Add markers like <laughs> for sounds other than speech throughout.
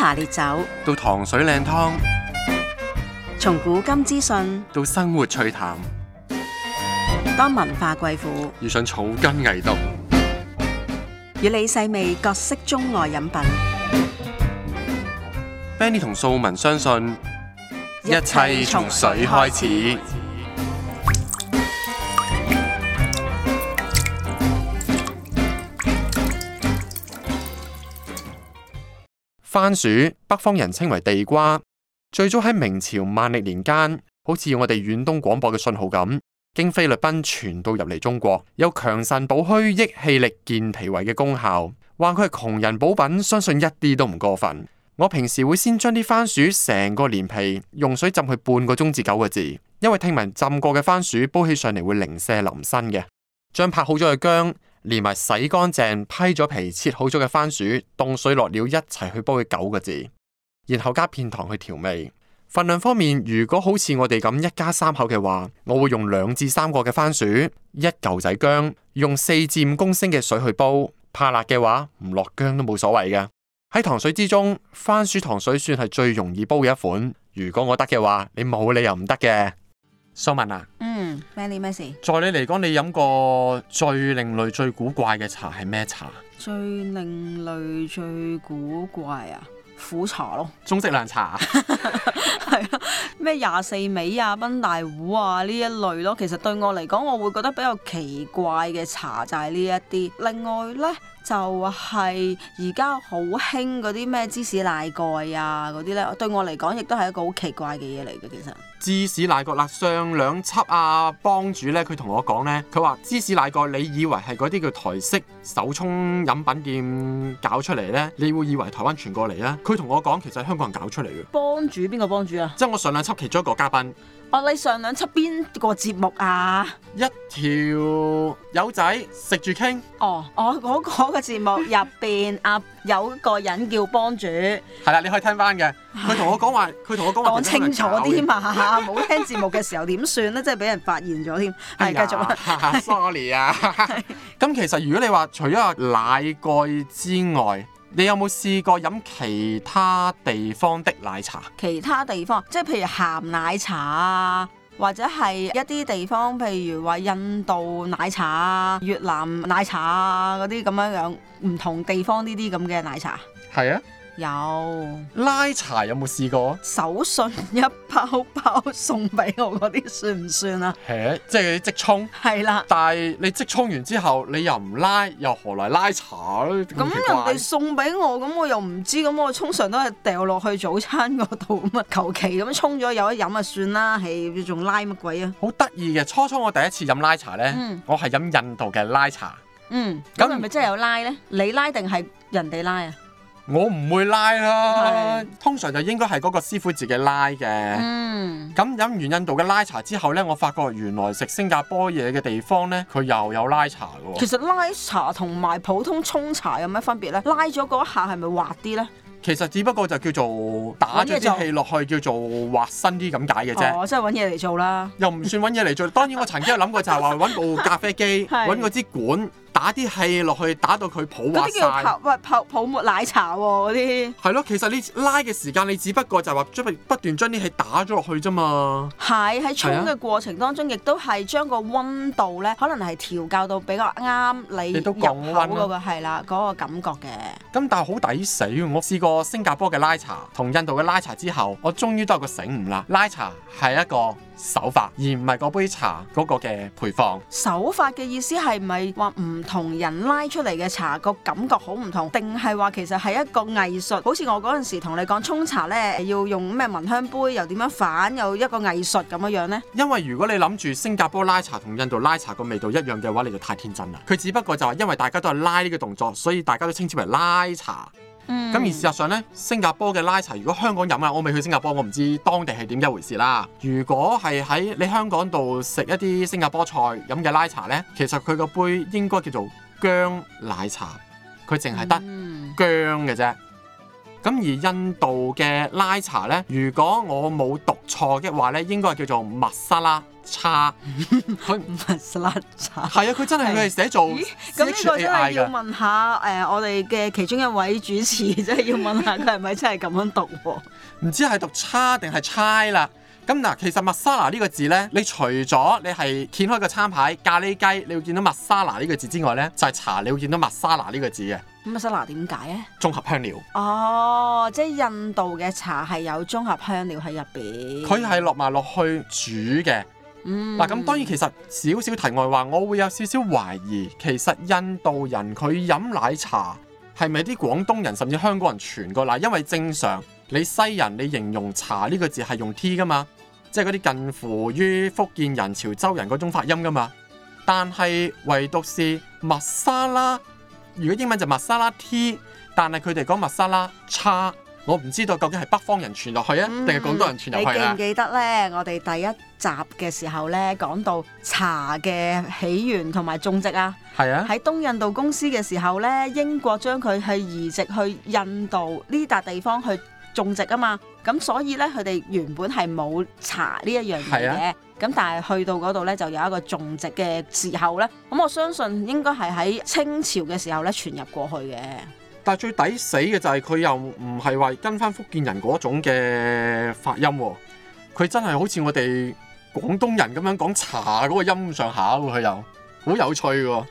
茶烈酒到糖水靚湯，從古今資訊到生活趣談，當文化貴婦遇上草根藝毒，與你細味各式中外飲品。Benny 同素文相信，一切從水開始。番薯，北方人稱為地瓜，最早喺明朝萬曆年間，好似我哋遠東廣播嘅信號咁，經菲律賓傳到入嚟中國，有強腎補虛、益氣力、健脾胃嘅功效。話佢係窮人補品，相信一啲都唔過分。我平時會先將啲番薯成個連皮用水浸佢半個鐘至九個字，因為聽聞浸過嘅番薯煲起上嚟會零舍腍身嘅。將拍好咗嘅薑。連埋洗乾淨、批咗皮、切好咗嘅番薯，凍水落料一齊去煲嘅九個字，然後加片糖去調味。份量方面，如果好似我哋咁一家三口嘅話，我會用兩至三個嘅番薯，一舊仔薑，用四至五公升嘅水去煲。怕辣嘅話，唔落薑都冇所謂嘅。喺糖水之中，番薯糖水算係最容易煲嘅一款。如果我得嘅話，你冇理由唔得嘅。蘇文啊！咩呢？咩、嗯、事？在你嚟講，你飲過最另類、最古怪嘅茶係咩茶？最另類、最古怪啊！苦茶咯，中式涼茶係啊，咩廿四味啊、崩、啊、大碗啊呢一類咯。其實對我嚟講，我會覺得比較奇怪嘅茶就係呢一啲。另外咧，就係而家好興嗰啲咩芝士奶蓋啊嗰啲咧，對我嚟講亦都係一個好奇怪嘅嘢嚟嘅，其實。芝士奶蓋啦，上兩輯啊，幫主呢，佢同我講呢，佢話芝士奶蓋，你以為係嗰啲叫台式手沖飲品店搞出嚟呢？你會以為台灣傳過嚟咧？佢同我講，其實香港人搞出嚟嘅。幫主邊個幫主啊？即係我上兩輯其中一個嘉賓。我你上兩輯邊個節目啊？一條友仔食住傾。哦，我嗰個節目入邊 <laughs> 啊，有個人叫幫主。係 <laughs> 啦，你可以聽翻嘅。佢同我講話，佢同 <laughs> 我講話。講 <laughs> 清楚啲嘛，冇聽節目嘅時候點算咧？即係俾人發現咗添。係，繼續啦。Sorry <laughs> <laughs> <laughs> <laughs> <laughs> <laughs> <laughs> <laughs> 啊。咁、啊、其實如果你話除咗阿奶蓋之外。你有冇試過飲其他地方的奶茶？其他地方，即係譬如鹹奶茶啊，或者係一啲地方，譬如話印度奶茶啊、越南奶茶啊嗰啲咁樣樣，唔同地方呢啲咁嘅奶茶？係啊。有拉茶有冇試過？手信一包包送俾我嗰啲算唔算啊？吓， <laughs> 即係啲即沖。係啦，但係你即沖完之後，你又唔拉，又何來拉茶咧？咁人哋送俾我，咁我又唔知，咁我通常都係掉落去早餐嗰度，咁啊求其咁沖咗有一飲啊算啦，唉，仲拉乜鬼啊？好得意嘅，初初我第一次飲拉茶咧，我係飲印度嘅拉茶。嗯，拉茶嗯，咁係咪真係有拉咧？你、嗯、拉定係人哋拉啊？我唔會拉啦，是通常就應該係嗰個師傅自己拉嘅。咁飲、嗯、完印度嘅拉茶之後呢，我發覺原來食新加坡嘢嘅地方呢，佢又有拉茶㗎喎。其實拉茶同埋普通沖茶有咩分別呢？拉咗嗰一下係咪滑啲呢？其實只不過就叫做打咗啲氣落去，叫做滑身啲咁解嘅啫。我、哦、真係揾嘢嚟做啦！又唔算揾嘢嚟做， <laughs> 當然我曾經有諗過就係話揾部咖啡機，揾嗰 <laughs> 是支管。打啲氣落去，打到佢泡嗰啲叫泡泡，泡沫奶茶喎，啊，嗰啲係咯，其實你拉嘅時間，你只不過就話將不斷將啲氣打咗落去啫嘛。係喺沖嘅過程當中，亦都係將個溫度咧，可能係調校到比較啱你入口嗰個係啦嗰個感覺嘅。咁但係好抵死，我試過新加坡嘅拉茶同印度嘅拉茶之後，我終於都有個醒悟啦，拉茶係一個手法，而唔係嗰杯茶嗰個嘅配方。手法嘅意思係咪話唔同人拉出嚟嘅茶個感覺好唔同，定係話其實係一個藝術？好似我嗰陣時同你講沖茶咧，要用咩聞香杯，又點樣反，又一個藝術咁樣樣咧。因為如果你諗住新加坡拉茶同印度拉茶個味道一樣嘅話，你就太天真啦。佢只不過就話，因為大家都係拉呢個動作，所以大家都稱之為拉茶。咁、嗯、而事實上咧，新加坡嘅奶茶，如果香港飲啊，我未去新加坡，我唔知當地係點一回事啦。如果係喺你香港度食一啲新加坡菜飲嘅奶茶咧，其實佢個杯應該叫做薑奶茶，佢淨係得薑嘅啫。咁、嗯、而印度嘅奶茶咧，如果我冇讀錯嘅話咧，應該叫做麥沙拉。差佢唔係 Masala 差係啊！佢 <laughs> 拉它真係佢係寫做咁，呢個真係要問下誒、 <laughs> 呃，我哋嘅其中一位主持即係、就是、要問下佢係咪真係咁樣讀喎、啊？唔知係讀差定係猜啦。咁嗱，其實 Masala 呢個字咧，你除咗你係掀開個餐牌咖喱雞，你會見到 Masala 呢個字之外咧，就係、是、茶，你會見到 Masala 呢個字嘅。咁 Masala 點解啊？綜合香料哦，即係印度嘅茶係有綜合香料喺入邊。佢係落埋落去煮嘅。嗱咁，嗯、當然其實少少題外話，我會有少少懷疑，其實印度人佢飲奶茶係咪啲廣東人甚至香港人傳過奶？因為正常你西人你形容茶呢個字係用 tea 噶嘛，即係嗰啲近乎於福建人、潮州人嗰種發音噶嘛。但係唯獨是麥沙拉，如果英文就麥沙拉 tea，但係佢哋講麥沙拉茶。我唔知道究竟係北方人傳落去啊，定係、嗯、廣東人傳入去啊？你記唔記得咧？我哋第一集嘅時候咧，講到茶嘅起源同埋種植啊。係啊。喺東印度公司嘅時候咧，英國將佢去移植去印度呢笪地方去種植啊嘛。咁所以咧，佢哋原本係冇茶呢一樣嘢。係啊。咁但係去到嗰度咧，就有一個種植嘅時候咧。咁我相信應該係喺清朝嘅時候咧傳入過去嘅。但係最抵死嘅就係佢又唔係話跟翻福建人嗰種嘅發音、哦，佢真係好似我哋廣東人咁樣講茶嗰個音咁上下，佢又好有趣喎、哦。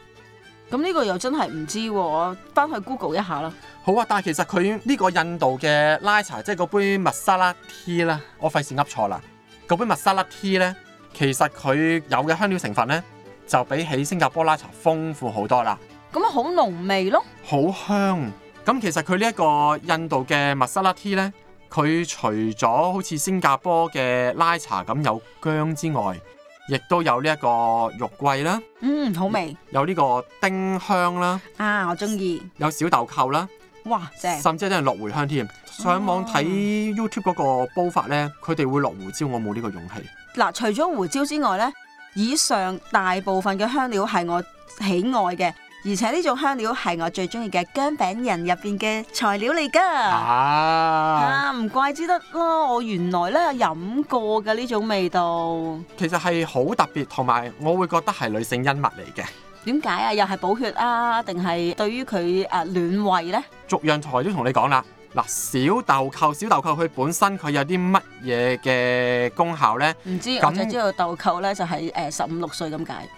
咁呢個又真係唔知喎、哦，翻去 Google 一下啦。好啊，但係其實佢呢個印度嘅拉茶，即係嗰杯密沙拉 tea 咧，我費事噏錯啦。嗰杯密沙拉 tea 咧，其實佢有嘅香料成分咧，就比起新加坡拉茶豐富好多啦。咁啊，好濃味咯～好香！咁其實佢呢一個印度嘅 Masala tea 咧，佢除咗好似新加坡嘅拉茶咁有薑之外，亦都有呢一個肉桂啦。嗯，好味。有呢個丁香啦。啊，我中意。有小豆蔻啦。哇，正。甚至有啲人落茴香添。上網睇 YouTube 嗰個煲法咧，佢哋會落胡椒，我冇呢個勇氣。嗱、啊，除咗胡椒之外咧，以上大部分嘅香料係我喜愛嘅。而且呢種香料係我最中意嘅薑餅人入邊嘅材料嚟噶，啊，唔、啊、怪之得咯，我原來咧有飲過嘅呢種味道。其實係好特別，同埋我會覺得係女性恩物嚟嘅。點解啊？又係補血啊？定係對於佢誒暖胃咧？逐樣台都同你講啦。嗱，小豆蔻，小豆蔻佢本身佢有啲乜嘢嘅功效咧？唔知，咁你知道豆蔻咧就係誒十五六歲咁解。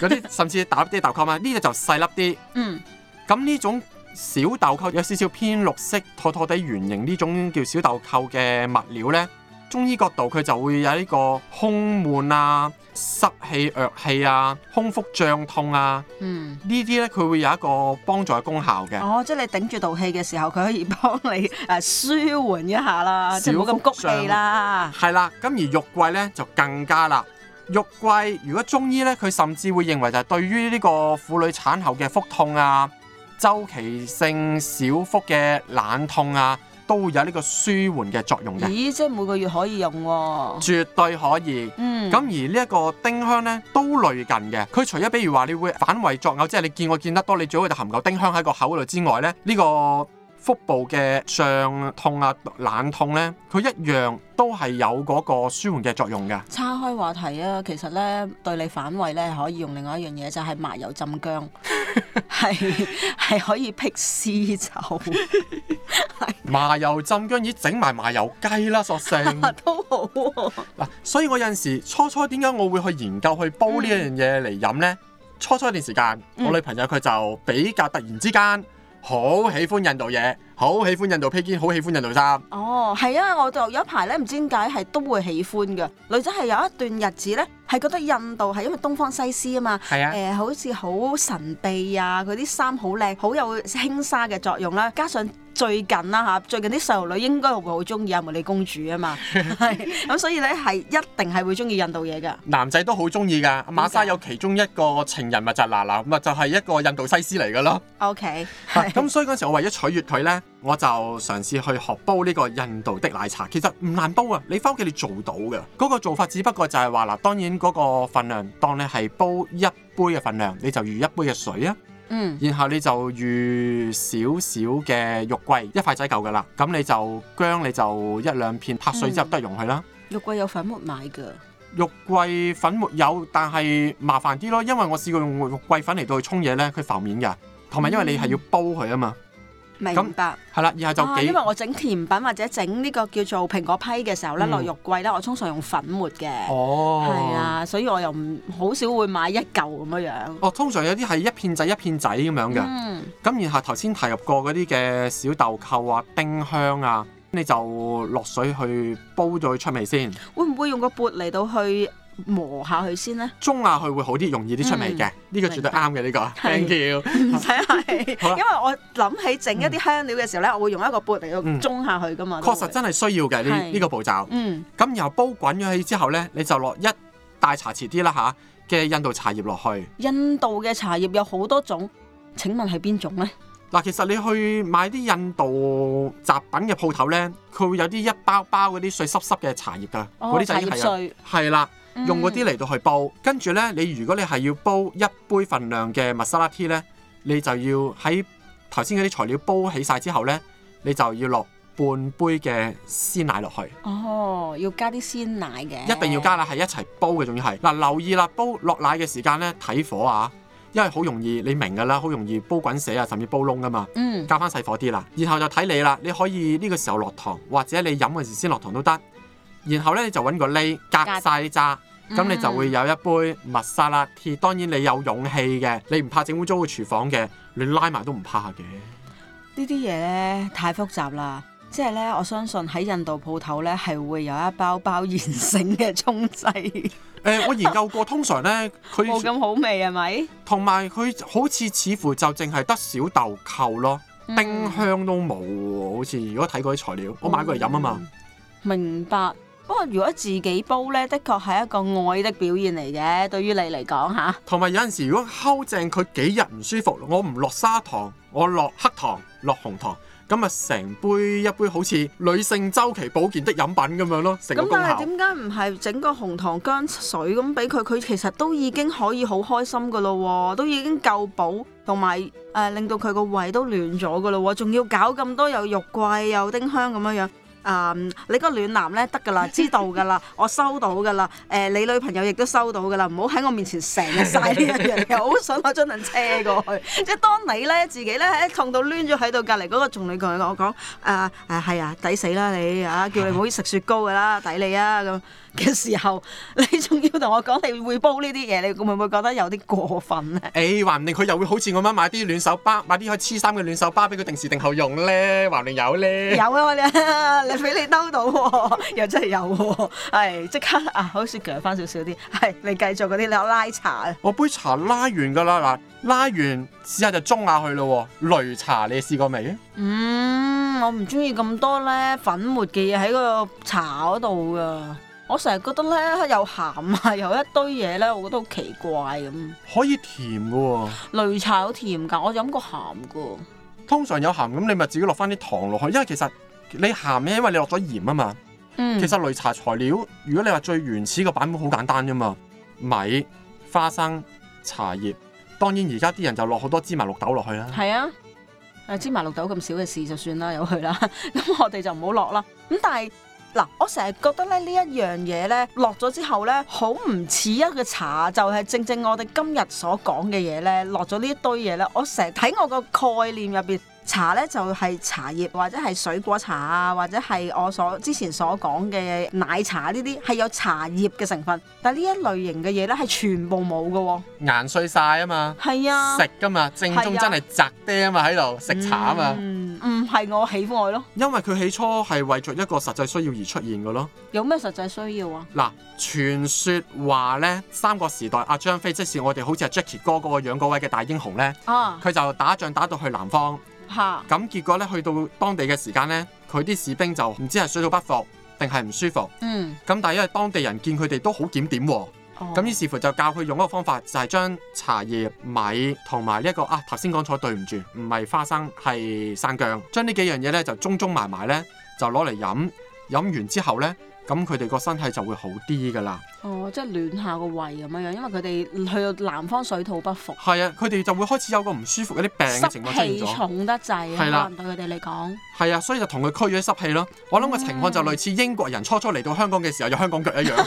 有、呃、啲 <laughs> 甚至大粒啲豆蔻啊，呢個就細粒啲。嗯。咁呢種小豆蔻有少少偏綠色、妥妥地圓形呢種叫小豆蔻嘅物料咧，中醫角度佢就會有呢個胸悶啊，濕氣、熱氣啊，胸腹脹痛啊，嗯、呢啲咧佢會有一個幫助嘅功效嘅。哦，即係你頂住道氣嘅時候，佢可以幫你誒舒緩一下啦，即係唔好咁谷氣啦。係啦，咁而肉桂咧就更加啦。肉桂如果中醫咧，佢甚至會認為就係對於呢個婦女產後嘅腹痛啊，周期性小腹嘅冷痛啊。都有呢個舒緩嘅作用嘅。咦，即係每個月可以用喎、啊？絕對可以。嗯。咁而呢一個丁香呢，都類近嘅，佢除咗比如話你會反胃作嘔，即係你見我見得多，你最好就含嚿丁香喺個口度之外呢，呢、呢個。腹部嘅脹痛啊、冷痛呢，佢一樣都係有嗰個舒緩嘅作用嘅。岔開話題啊，其實呢對你反胃呢，可以用另外一樣嘢就係、是、麻油浸薑，係係 <laughs> 可以辟濕酒。 <laughs> <laughs> 麻油浸薑已整埋麻油雞啦，索性、啊、都好嗱、啊。所以我有陣時初初點解我會去研究去煲呢一樣嘢嚟飲呢？嗯、初初一段時間，嗯、我女朋友佢就比較突然之間。好喜歡印度嘢，好喜歡印度披肩，好喜歡印度衫。哦，係啊，我就有一排咧，唔知點解係都會喜歡嘅。女仔係有一段日子咧，係覺得印度係因為東方西施啊嘛。係啊 Yeah.、呃，誒好似好神秘啊，佢啲衫好靚，好有輕紗嘅作用啦，加上。最近啦嚇，最近啲細路女應該會好中意阿茉莉公主啊嘛，係咁所以咧係一定係會中意印度嘢㗎。男仔都好中意㗎，馬莎有其中一個情人咪就娜娜，咪就係一個印度西施嚟㗎咯。O K，咁所以嗰陣時候我為咗取悦佢咧，我就嘗試去學煲呢個印度的奶茶。其實唔難煲啊，你翻屋企你做到㗎。嗰個做法只不過就係話嗱，當然嗰個份量當你係煲一杯嘅份量，你就預一杯嘅水啊。嗯，然後你就預少少嘅肉桂，一塊仔夠噶啦。咁你就薑，你就一兩片，拍碎之後都係用佢啦。肉桂、嗯、有粉末買㗎，肉桂粉末有，但係麻煩啲咯，因為我試過用肉桂粉嚟到去沖嘢咧，佢浮面㗎，同埋因為你係要煲佢啊嘛。嗯明白，係啦，而係就幾、啊、因為我整甜品或者整呢個叫做蘋果批嘅時候咧，落、嗯、肉桂咧，我通常用粉末嘅，哦，係啊，所以我又唔好少會買一嚿咁樣。哦，通常有啲係一片仔一片仔咁樣嘅，咁、嗯、然後頭先提入過嗰啲嘅小豆蔻啊、丁香啊，你就落水去煲咗出，出味先。會唔會用個缽嚟到去？磨下去先咧，中下去會好啲，容易啲出味嘅。呢個絕對啱嘅，呢個 thank you。唔使客氣，因為我諗起整一啲香料嘅時候咧，我會用一個杯嚟到中下去噶嘛。確實真係需要嘅呢呢個步驟。嗯。咁然後煲滾咗起之後咧，你就落一大茶匙啲啦嚇嘅印度茶葉落去。印度嘅茶葉有好多種，請問係邊種咧？嗱，其實你去買啲印度雜品嘅鋪頭咧，佢會有啲一包包嗰啲碎濕濕嘅茶葉噶，嗰啲就係碎，係啦。用嗰啲嚟到去煲，跟住呢，你如果你係要煲一杯份量嘅 masala tea 呢，你就要喺頭先嗰啲材料煲起晒之後呢，你就要落半杯嘅鮮奶落去。哦，要加啲鮮奶嘅。一定要加啦，係一齊煲嘅，仲要係嗱、啊、留意啦，煲落奶嘅時間呢，睇火啊，因為好容易你明噶啦，好容易煲滾死啊，甚至煲燶噶嘛。嗯。加翻細火啲啦，然後就睇你啦，你可以呢個時候落糖，或者你飲嗰時先落糖都得。然後呢，你就揾個簍隔曬渣。隔咁你就會有一杯麥沙拉鐵，當然你有勇氣嘅，你唔怕整污糟個廚房嘅，你拉埋都唔怕嘅。呢啲嘢咧太複雜啦，即係咧，我相信喺印度鋪頭咧係會有一包包現成嘅沖劑。誒、 <laughs> <laughs> 呃，我研究過，通常咧佢冇咁好味係咪？同埋佢好似似乎就淨係得小豆蔻咯，嗯、丁香都冇喎。好似如果睇嗰啲材料，我買過嚟飲啊嘛、嗯。明白。不過如果自己煲呢，的確係一個愛的表現嚟嘅。對於你嚟講嚇，同埋有陣時如果敲正佢幾日唔舒服，我唔落砂糖，我落黑糖、落紅糖，咁咪成杯一杯好似女性週期保健的飲品咁樣咯，成個功效。咁但係點解唔係整個紅糖薑水咁俾佢？佢其實都已經可以好開心噶咯，都已經夠補，同埋誒令到佢個胃都暖咗噶咯，仲要搞咁多有肉桂有丁香咁樣樣。啊！Um, 你個暖男咧得㗎啦，知道㗎啦， <laughs> 我收到㗎啦。誒、呃，你女朋友亦都收到㗎啦。唔好喺我面前成日晒呢一樣嘢，好想攞張凳車過去。 <laughs> <laughs> 即係當你咧自己咧喺痛到攣咗喺度，隔離嗰個仲女講我講啊啊係啊，抵、啊啊、死啦你嚇、啊！叫你唔好食雪糕㗎啦，抵你啊咁。嘅時候，你仲要同我講你會煲呢啲嘢，你會唔會覺得有啲過分咧？誒、欸，還唔定佢又會好似我咁買啲暖手包，買啲可以黐衫嘅暖手包俾佢定時定候用咧，還定有咧？有啊，我哋 <laughs> <laughs> 你俾你兜到喎、哦，又真係有喎、哦，係、哎、即刻啊，好似長翻少少啲，係、哎、你繼續嗰啲你有拉茶啊，我杯茶拉完㗎啦，嗱拉完試下就中下去咯、哦，擂茶你試過未啊？嗯，我唔中意咁多咧粉末嘅嘢喺個茶度㗎。我成日覺得咧又鹹啊，又一堆嘢咧，我覺得好奇怪咁。可以甜噶喎、啊，擂茶好甜噶，我飲過鹹噶。通常有鹹咁，你咪自己落翻啲糖落去，因為其實你鹹嘅、啊，因為你落咗鹽啊嘛。嗯。其實擂茶材料，如果你話最原始個版本好簡單啫嘛，米、花生、茶葉。當然而家啲人就落好多芝麻綠豆落去啦。係啊，芝麻綠豆咁少嘅事就算啦，有佢啦。咁 <laughs> 我哋就唔好落啦。咁但係，嗱，我成日覺得咧呢一樣嘢咧落咗之後咧，好唔似一個茶，就係正正我哋今日所講嘅嘢咧，落咗呢一堆嘢咧。我成日睇我個概念入邊，茶咧就係茶葉，或者係水果茶啊，或者係我所之前所講嘅奶茶呢啲，係有茶葉嘅成分。但係呢一類型嘅嘢咧，係全部冇嘅喎。硬碎晒啊嘛！係啊，食㗎嘛，正宗真係砸釘啊嘛，喺度食茶啊嘛。唔係、嗯、我喜愛咯，因為佢起初係為咗一個實際需要而出現嘅咯。有咩實際需要啊？嗱，傳說話呢三國時代阿張飛，即係我哋好似阿 Jackie 哥嗰個樣嗰位嘅大英雄呢，佢、啊、就打仗打到去南方，咁、啊、結果呢，去到當地嘅時間呢，佢啲士兵就唔知係水土不服定係唔舒服，咁、嗯、但係因為當地人見佢哋都好檢點、啊。咁、哦、於是乎就教佢用一個方法，就係、是、將茶葉米同埋呢一個啊頭先講錯，對唔住，唔係花生係生薑，將呢幾樣嘢咧就中中埋埋咧，就攞嚟飲。飲完之後咧，咁佢哋個身體就會好啲㗎喇。哦，即係暖下個胃咁樣，因為佢哋去到南方水土不服。係啊，佢哋就會開始有個唔舒服、有啲病嘅情況出現咗。濕氣重得滯，係啦、啊，啊、對佢哋嚟講。係啊，所以就同佢驅咗濕氣咯。我諗個情況就類似英國人初初嚟到香港嘅時候、嗯、有香港腳一樣。 <laughs>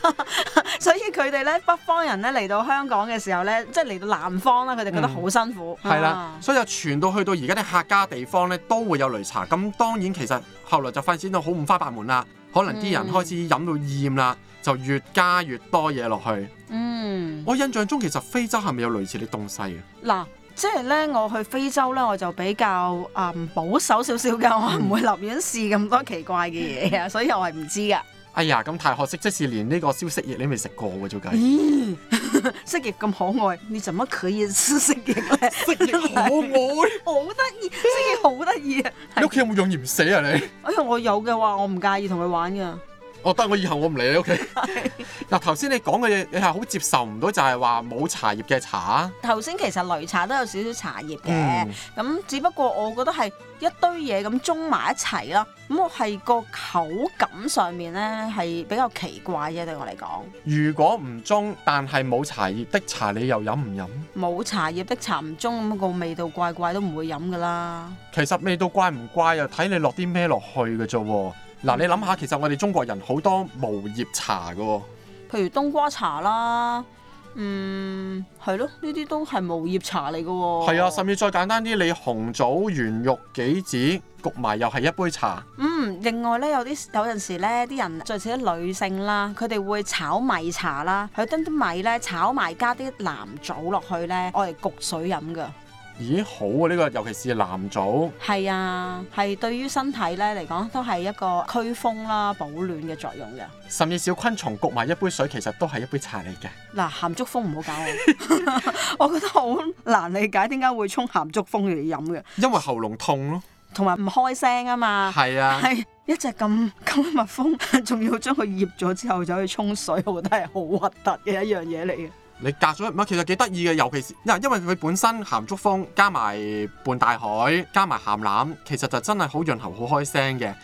<laughs> 所以佢哋咧，北方人咧嚟到香港嘅時候咧，即係嚟到南方啦，佢哋覺得好辛苦。係啦、嗯啊，所以就傳到去到而家啲客家地方咧，都會有擂茶。咁當然其實後來就發展到好五花八門啦。可能啲人開始飲到厭啦，嗯、就越加越多嘢落去。嗯，我印象中其實非洲係咪有類似啲東西啊？嗱、嗯，即係咧，我去非洲咧，我就比較啊、嗯、保守少少㗎，我唔會立亂試咁多奇怪嘅嘢啊，嗯、所以我係唔知㗎。哎呀，咁太可惜，即使連呢個蜥蜴你未食過喎、啊，仲計？蜥、嗯、蜴咁可愛，你怎麼拒絕蜥蜴嘅？蜥 <laughs> 蜴可 <laughs> <laughs> 好得意，蜥蜴好得意啊！屋企 <laughs> 但有冇養蜥蜴啊你？哎呀，我有嘅話，我唔介意同佢玩噶。哦、得我得，我以後我唔嚟、okay、 <laughs> 你屋企。嗱，頭先你講嘅嘢，你係好接受唔到，就係話冇茶葉嘅茶。頭先其實擂茶都有少少茶葉嘅，咁、嗯、只不過我覺得係一堆嘢咁中埋一齊啦。咁我係個口感上面咧，係比較奇怪啫，對我嚟講。如果唔中，但係冇茶葉的茶，你又飲唔飲？冇茶葉的茶唔中，咁、個味道怪怪都唔會飲噶啦。其實味道怪唔怪又睇你落啲咩落去嘅啫喎。嗱，你諗下，其實我哋中國人好多無葉茶㗎喎，譬如冬瓜茶啦，嗯，係咯，呢啲都係無葉茶嚟㗎喎。係啊，甚至再簡單啲，你紅棗、圓肉、杞子焗埋又係一杯茶。嗯，另外咧有啲有陣時咧啲人，尤似啲女性啦，佢哋會炒米茶啦，佢等啲米咧炒埋加啲藍棗落去咧，我哋焗水飲㗎。咦，好啊！呢個尤其是藍藻，係啊，係對於身體咧嚟講都係一個驅風啦、保暖嘅作用嘅。甚至小昆蟲焗埋一杯水，其實都係一杯茶嚟嘅。嗱，鹹竹蜂唔好搞啊！ <laughs> 我覺得好難理解點解會沖鹹竹蜂嚟飲嘅。因為喉嚨痛咯、啊，同埋唔開聲啊嘛。係啊，係、哎、一隻咁咁蜜蜂，仲要將佢醃咗之後就去沖水，我覺得係好核突嘅一樣嘢嚟嘅。你隔咗唔其實幾得意嘅，尤其是因為因為佢本身鹹竹風加埋半大海加埋鹹欖，其實就真係好潤喉、好開聲嘅。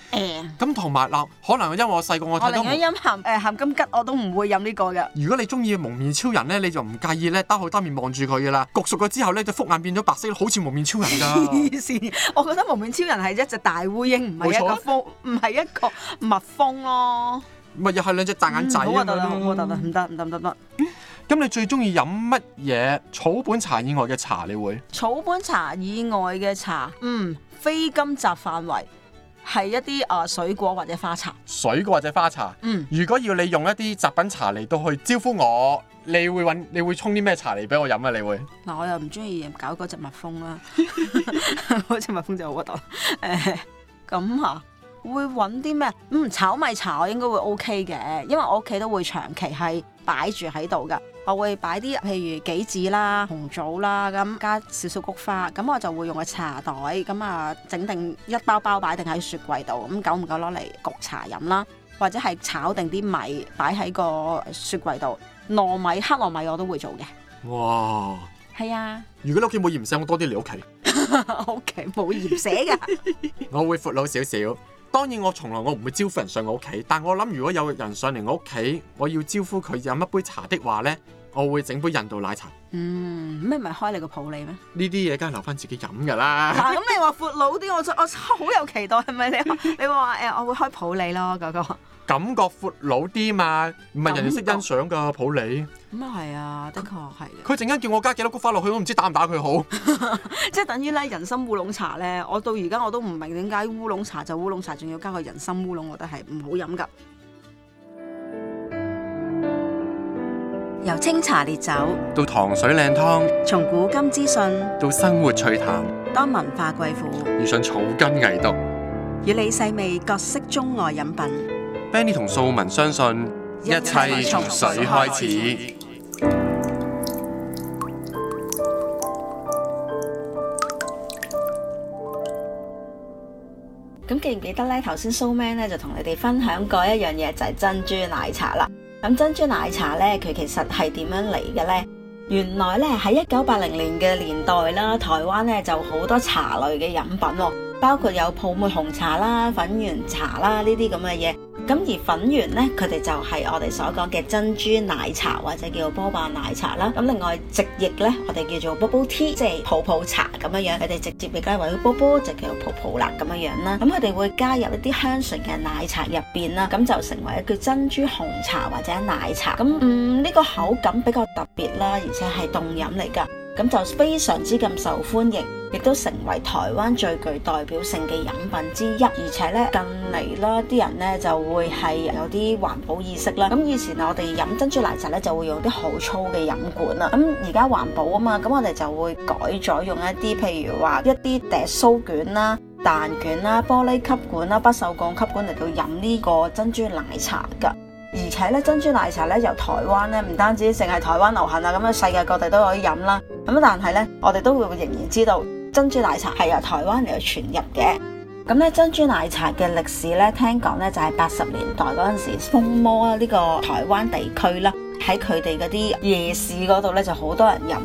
咁同埋嗱，可能因為我細個我我寧願飲鹹金桔，我都唔會飲呢個嘅。如果你中意蒙面超人咧，你就唔介意咧，兜口兜面望住佢噶啦。焗熟咗之後咧，就複眼變咗白色，好似蒙面超人㗎。黐線！我覺得蒙面超人係一隻大烏蠅，唔係一個蜂，唔係一個蜜蜂咯。咪又係兩隻大眼仔啦！好核突，唔得唔得得！咁你最中意飲乜嘢草本茶以外嘅茶？你會草本茶以外嘅茶，嗯，非今集範圍係一啲啊，水果或者花茶。水果或者花茶，花茶。嗯，如果要你用一啲雜品茶嚟到去招呼我，你會搵你會沖啲咩茶嚟俾我飲啊？你會嗱，我又唔中意搞嗰隻蜜蜂啦，啊，嗰 <laughs> 隻 <laughs> <laughs> 蜜蜂就好核突。誒，咁啊，會搵啲咩？嗯，炒米茶我應該會 OK 嘅，因為我屋企都會長期係擺住喺度噶。我會擺啲譬如杞子啦、紅棗啦，咁加少少菊花，咁我就會用個茶袋，咁啊整定一包包擺定喺雪櫃度，咁久唔久攞嚟焗茶飲啦，或者係炒定啲米擺喺個雪櫃度，糯米黑糯米我都會做嘅。哇！係啊！如果你屋企冇鹽，使我多啲嚟屋企。屋企冇鹽寫㗎。 <laughs> 我會老少少，少。當然，我從來我唔會招呼人上我屋企，但我諗如果有人上嚟我屋企，我要招呼佢飲一杯茶嘅話呢。我會整杯印度奶茶。嗯，咩唔係開你個普洱咩？呢啲嘢梗係留翻自己飲噶啦。咁、 <laughs> 啊嗯、你話闊佬啲，我我好有期待，係咪你？你話誒、 <laughs> 呃，我會開普洱咯，嗰個感覺闊老啲嘛，唔係覺、嗯、人哋識欣賞噶普洱？咁啊係啊，嗯、確的確係。佢陣間叫我加幾粒菊花落去，我唔知打唔打佢好。 <laughs> 即係等於咧，人參烏龍茶咧，我到而家我都唔明點解烏龍茶就烏龍茶，仲要加個人參烏龍，我覺得係唔好飲噶。由清茶烈酒到糖水靚湯，從古今資訊到生活趣談，當文化貴婦遇上草根藝毒，與你細味各式中外飲品。Benny 同素文相信要一切從水開始。咁，嗯，記唔記得呢？頭先素文呢，就同你哋分享過一樣嘢，就係、是、珍珠奶茶啦。咁珍珠奶茶呢，佢其實係點樣嚟嘅呢？原來呢，喺一九八零年嘅年代啦，台灣呢就好多茶類嘅飲品喎、哦，包括有泡沫紅茶啦、粉圓茶啦呢啲咁嘅嘢。這咁而粉圓呢，佢哋就係我哋所講嘅珍珠奶茶或者叫波霸奶茶啦。咁另外直液呢，我哋叫做波波 tea，即係泡泡茶咁樣樣。佢哋直接而家為咗波波就叫做泡泡啦咁樣樣啦。咁佢哋會加入一啲香醇嘅奶茶入邊啦，咁就成為一個珍珠紅茶或者奶茶。咁嗯，呢、呢個口感比較特別啦，而且係凍飲嚟㗎。咁就非常之咁受歡迎，亦都成為台灣最具代表性嘅飲品之一。而且咧近嚟啦，啲人咧就會係有啲環保意識啦。咁以前我哋飲珍珠奶茶咧就會用啲好粗嘅飲管啦。咁而家環保啊嘛，咁我哋就會改咗用一啲譬如話一啲碟酥卷啦、蛋卷啦、玻璃吸管啦、不鏽鋼吸管嚟到飲呢個珍珠奶茶㗎。而且咧珍珠奶茶咧由台灣咧唔單止淨係台灣流行啊，咁樣世界各地都可以飲啦。咁但係呢，我哋都會仍然知道珍珠奶茶係由台灣嚟傳入嘅。咁咧，珍珠奶茶嘅歷史呢，聽講呢就係八十年代嗰陣時，風魔啊呢個台灣地區啦，喺佢哋嗰啲夜市嗰度呢，就好多人飲。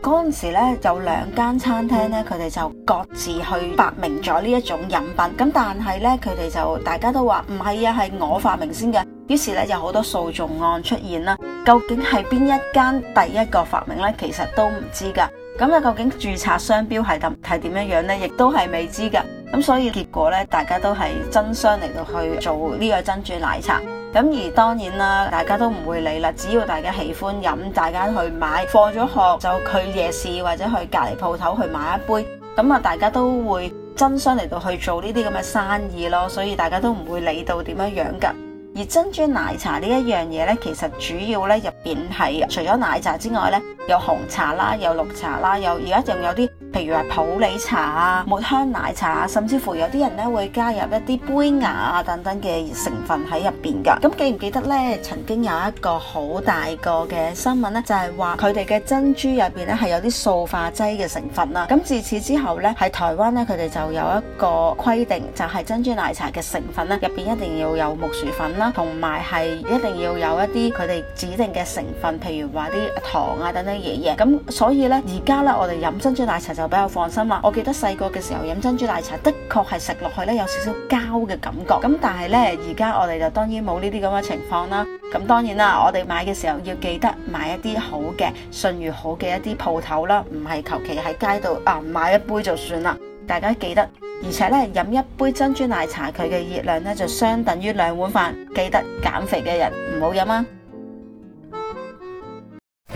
嗰陣時呢，有兩間餐廳呢，佢哋就。各自去發明咗呢一種飲品，咁但係呢，佢哋就大家都話唔係啊，係我發明先嘅。於是呢，有好多訴訟案出現啦。究竟係邊一間第一個發明呢，其實都唔知㗎。咁啊，究竟註冊商標係咁係點樣樣咧？亦都係未知㗎。咁所以結果呢，大家都係爭相嚟到去做呢個珍珠奶茶。咁而當然啦，大家都唔會理啦。只要大家喜歡飲，大家去買，放咗學就去夜市或者去隔離鋪頭去買一杯。咁啊，大家都會爭相嚟到去做呢啲咁嘅生意咯，所以大家都唔會理到點樣樣噶。而珍珠奶茶呢一樣嘢咧，其實主要咧入邊係除咗奶茶之外咧。有紅茶啦，有綠茶啦，有而家仲有啲，譬如話普洱茶啊、抹香奶茶啊，甚至乎有啲人咧會加入一啲杯芽啊等等嘅成分喺入邊噶。咁記唔記得咧？曾經有一個好大個嘅新聞咧，就係話佢哋嘅珍珠入邊咧係有啲塑化劑嘅成分啦。咁自此之後咧，喺台灣咧佢哋就有一個規定，就係珍珠奶茶嘅成分咧入邊一定要有木薯粉啦，同埋係一定要有一啲佢哋指定嘅成分，譬如話啲糖啊等等。嘢嘢，咁所以呢，而家呢，我哋飲珍珠奶茶就比較放心啦。我記得細個嘅時候飲珍珠奶茶，的確係食落去呢有少少膠嘅感覺，咁但係呢，而家我哋就當然冇呢啲咁嘅情況啦。咁當然啦，我哋買嘅時候要記得買一啲好嘅、信譽好嘅一啲鋪頭啦，唔係求其喺街度啊買一杯就算啦。大家記得，而且呢，飲一杯珍珠奶茶，佢嘅熱量呢就相等於兩碗飯。記得減肥嘅人唔好飲啊！